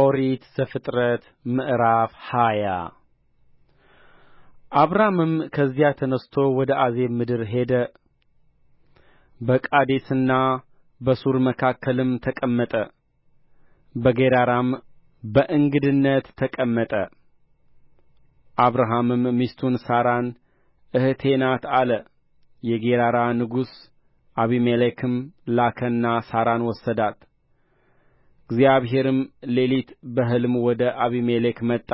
ኦሪት ዘፍጥረት ምዕራፍ ሃያ አብራምም ከዚያ ተነሥቶ ወደ አዜብ ምድር ሄደ በቃዴስና በሱር መካከልም ተቀመጠ በጌራራም በእንግድነት ተቀመጠ አብርሃምም ሚስቱን ሣራን እኅቴ ናት አለ የጌራራ ንጉሥ አቢሜሌክም ላከና ሣራን ወሰዳት እግዚአብሔርም ሌሊት በሕልም ወደ አቢሜሌክ መጣ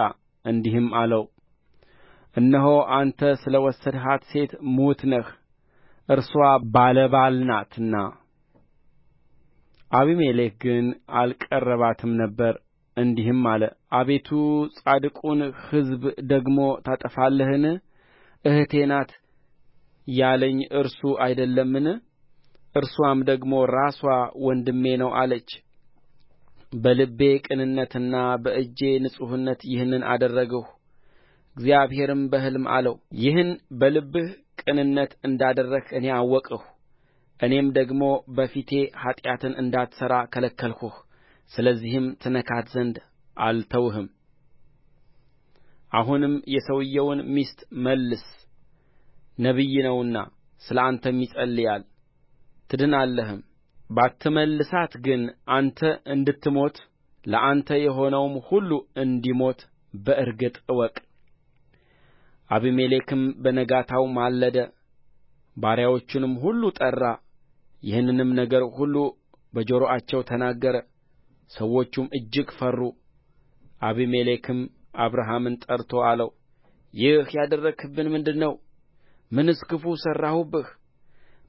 እንዲህም አለው እነሆ አንተ ስለ ወሰድሃት ሴት ምውት ነህ እርስዋ ባለ ባል ናትና አቢሜሌክ ግን አልቀረባትም ነበር እንዲህም አለ አቤቱ ጻድቁን ሕዝብ ደግሞ ታጠፋለህን እኅቴ ናት ያለኝ እርሱ አይደለምን እርስዋም ደግሞ ራስዋ ወንድሜ ነው አለች በልቤ ቅንነትና በእጄ ንጹሕነት ይህንን አደረግሁ እግዚአብሔርም በሕልም አለው ይህን በልብህ ቅንነት እንዳደረግህ እኔ አወቅሁ እኔም ደግሞ በፊቴ ኃጢአትን እንዳትሠራ ከለከልሁህ ስለዚህም ትነካት ዘንድ አልተውህም አሁንም የሰውዮውን ሚስት መልስ ነቢይ ነውና ስለ አንተም ይጸልያል ትድናለህም ባትመልሳት ግን አንተ እንድትሞት ለአንተ የሆነውም ሁሉ እንዲሞት በእርግጥ እወቅ አቢሜሌክም በነጋታው ማለደ ባሪያዎቹንም ሁሉ ጠራ ይህንንም ነገር ሁሉ በጆሮአቸው ተናገረ ሰዎቹም እጅግ ፈሩ አቢሜሌክም አብርሃምን ጠርቶ አለው ይህ ያደረግህብን ምንድር ነው ምንስ ክፉ ሠራሁብህ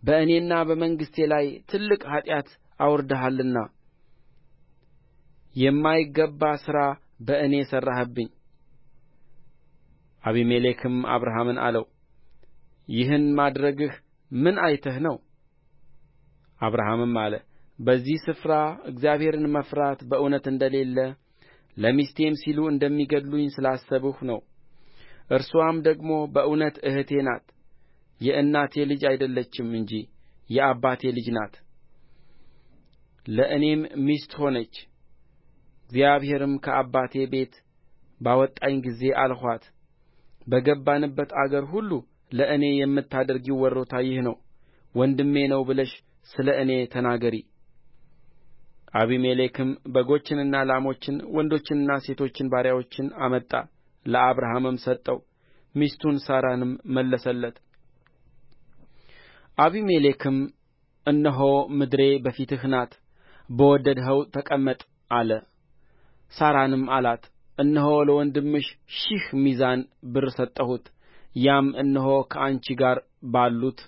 በእኔና በመንግሥቴ ላይ ትልቅ ኃጢአት አውርደሃልና የማይገባ ሥራ በእኔ ሠራህብኝ አቢሜሌክም አብርሃምን አለው ይህን ማድረግህ ምን አይተህ ነው አብርሃምም አለ በዚህ ስፍራ እግዚአብሔርን መፍራት በእውነት እንደሌለ ለሚስቴም ሲሉ እንደሚገድሉኝ ስላሰብሁ ነው እርስዋም ደግሞ በእውነት እህቴ ናት የእናቴ ልጅ አይደለችም እንጂ የአባቴ ልጅ ናት ለእኔም ሚስት ሆነች እግዚአብሔርም ከአባቴ ቤት ባወጣኝ ጊዜ አልኋት በገባንበት አገር ሁሉ ለእኔ የምታደርጊው ወሮታ ይህ ነው ወንድሜ ነው ብለሽ ስለ እኔ ተናገሪ አቢሜሌክም በጎችንና ላሞችን ወንዶችንና ሴቶችን ባሪያዎችን አመጣ ለአብርሃምም ሰጠው ሚስቱን ሣራንም መለሰለት አቢሜሌክም እነሆ ምድሬ በፊትህ ናት በወደድኸው ተቀመጥ አለ ሣራንም አላት እነሆ ለወንድምሽ ሺህ ሚዛን ብር ሰጠሁት ያም እነሆ ከአንቺ ጋር ባሉት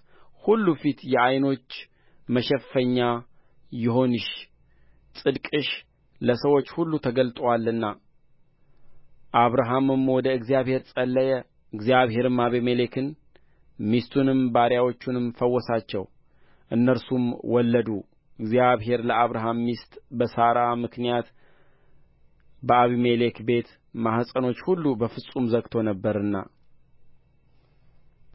ሁሉ ፊት የዓይኖች መሸፈኛ ይሁንሽ ጽድቅሽ ለሰዎች ሁሉ ተገልጦአልና አብርሃምም ወደ እግዚአብሔር ጸለየ እግዚአብሔርም አቢሜሌክን ሚስቱንም ባሪያዎቹንም ፈወሳቸው እነርሱም ወለዱ እግዚአብሔር ለአብርሃም ሚስት በሣራ ምክንያት በአቢሜሌክ ቤት ማኅፀኖች ሁሉ በፍጹም ዘግቶ ነበርና